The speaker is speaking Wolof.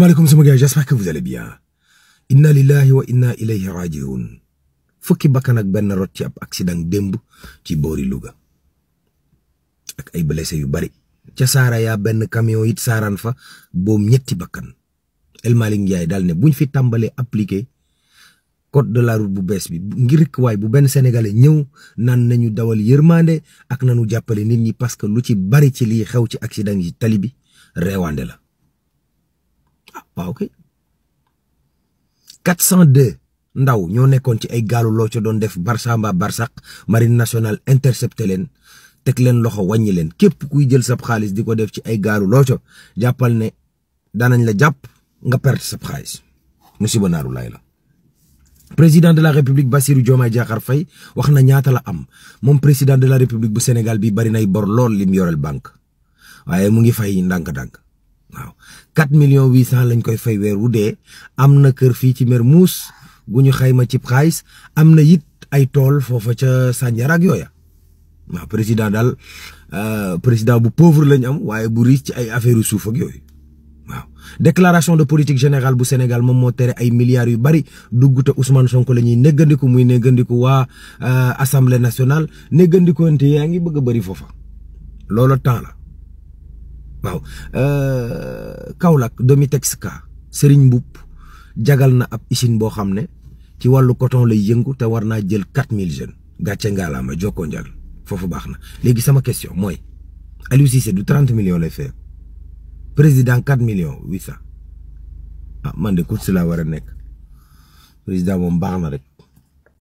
Assalamualaikum semoga gars, j'espère que vous allez bien. Inna lillahi wa inna ilayhi rajiun. Fukki bakkan ak ben rot ci ab accident demb ci bori Louga. Ak ay blessé yu bari. Ci Sara ya ben camion it saran fa bom ñetti bakkan. El Malik Ndiaye dal ne buñ fi tambalé appliqué code de la route bu bes bi ngir bu ben sénégalais ñew nan nañu dawal yermandé ak nañu jappalé nit ñi parce que lu ci bari ci li xew ci accident yi talibi rewandé la ah waaw kay 402 ndaw ñoo nekkoon ci ay gaalu loo ca doon def Barça mbaa Barsaq marine nationale intercepté leen teg leen loxo wàññi leen képp kuy jël sab xaalis di ko def ci ay gaalu loo jàppal ne daanañ la jàpp nga perte sab xaalis musiba naaru laay la. président de la république Bassirou Diomaye Diakhar fay wax na ñaata la am moom président de la république bu Sénégal bi bari nay bor lool lim yoreel banque waaye mu ngi fay ndànk dànk million millions 800 lañ koy fay weer wu dee am na kër fii ci Mermoz gu ñu xayma cib xaalis am na it ay tool foofa ca Sandiara ak yooya waaw président daal euh, président bu pauvre lañ am waaye bu riche ci ay affaire yu suuf ak yooyu waaw déclaration de politique générale bu Sénégal moom moo tere ay milliards yu bari dugg te Ousmane Sonko la ñuy néggandiku muy néggandiku waa euh, assemblée nationale néggandikoonte yaa ngi bëgg a bëri foofa loolu temps waaw euh, Kaolack Domitex ka Serigne Mboup jagal na ab usine boo xam ne ci wàllu coton la yëngu te war naa jël quatre mille jeunes gàcce ngaalaama jokkoo njal foofu baax na léegi sama question mooy Aliou Cissé du trente millions lay fee président quatre millions huit cent ah man de course laa war a nekk président moom baax na rek.